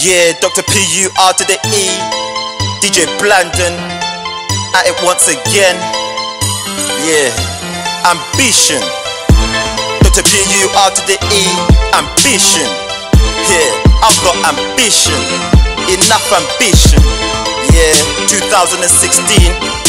Yeah, Dr. P-U-R to the E, DJ Blandon, at it once again. Yeah, ambition. Dr. P-U-R to the E, ambition. Yeah, I've got ambition, enough ambition. Yeah, 2016.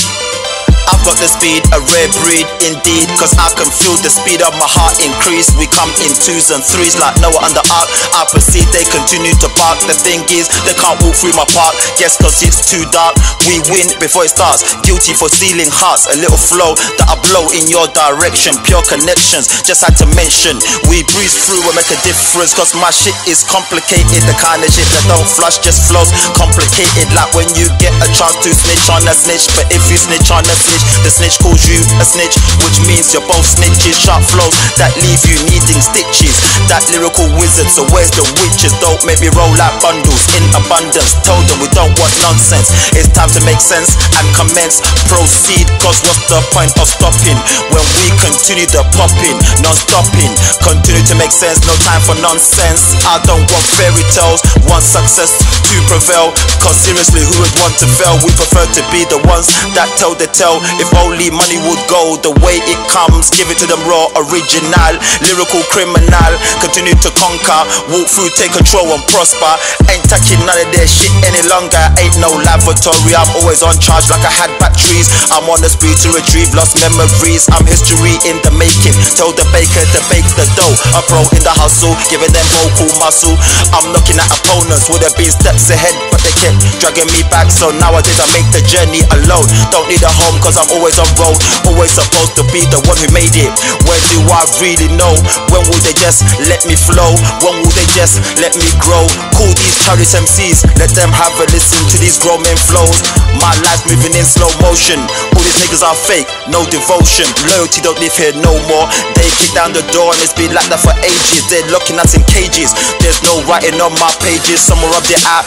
I've got the speed, a rare breed indeed Cause I can feel the speed of my heart increase We come in twos and threes like Noah and the ark I proceed, they continue to bark The thing is, they can't walk through my park Yes, cause it's too dark We win before it starts Guilty for stealing hearts A little flow that I blow in your direction Pure connections, just had to mention We breeze through and make a difference Cause my shit is complicated The kind of shit that don't flush just flows Complicated like when you get a chance to snitch on a snitch But if you snitch on a snitch snitch. The snitch calls you a snitch, which means you're both snitches. Sharp flows that leave you needing stitches. That lyrical wizard, so where's the witches? Don't make me roll out bundles in abundance. Told them we don't want nonsense. It's time to make sense and commence. Proceed, cause what's the point of stopping when we continue the popping, non stopping? Continue to make sense, no time for nonsense. I don't want fairy tales, want success to prevail. Cause seriously, who would want to fail? We prefer to be the ones that tell the tale. If only money would go the way it comes, give it to them raw, original, lyrical criminal. Continue to conquer, walk through, take control and prosper. Ain't taking none of their shit any longer. Ain't no lavatory, I'm always on charge like I had batteries. I'm on the speed to retrieve lost memories. I'm history in the making. Tell the baker to bake the dough. A pro in the hustle, giving them vocal muscle. I'm knocking at opponents with a beast step months ahead, but they kept dragging me back. So nowadays I make the journey alone. Don't need a home, cause I'm always on road. Always supposed to be the one who made it. Where do I really know? When will they just let me flow? When will they just let me grow? Call these childish MCs, let them have a listen to these grown men flows. My life moving in slow motion. All these niggas are fake, no devotion. Loyalty don't live here no more. They kick down the door and it's been like that for ages. They're locking us in cages. There's no writing on my pages. Somewhere up there out,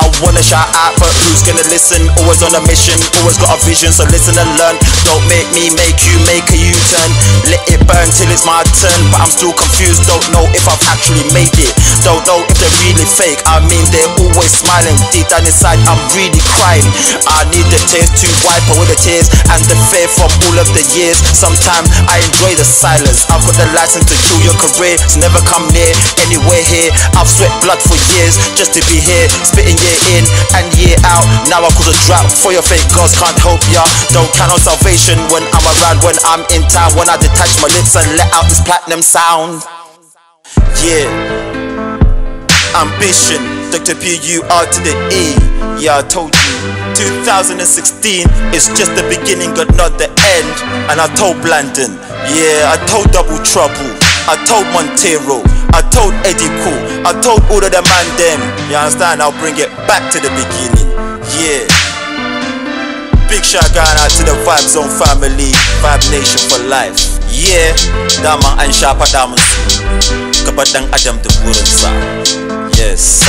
I wanna shout out, but who's gonna listen? Always on a mission, always got a vision, so listen and learn. Don't make me make you make a U turn. Let it burn till it's my turn, but I'm still confused, don't know if I've actually made it. Don't know if they're really fake. I mean, they're always smiling. Deep down inside, I'm really crying. I need the tears to wipe away the tears and the fear from all of the years. Sometimes I enjoy the silence. I've got the license to kill your career, so never come near anywhere here. I've sweat blood for years just to be here, spitting years year in and year out. Now I cause a drought for your fake gods can't help ya. Don't count on salvation when I'm around, when I'm in town, when I detach my lips and let out this platinum sound. Yeah, ambition, Dr. P U R to the E. Yeah, I told you. 2016 is just the beginning, but not the end. And I told Blandon, yeah, I told Double Trouble. I told Montero, I told Eddie Cool, I told all of the man them. You understand? I'll bring it back to the beginning. Yeah. Big shout going out to the Vibe Zone family, Vibe Nation for life. Yeah, dama and Sharpa damun su, Adam Yes,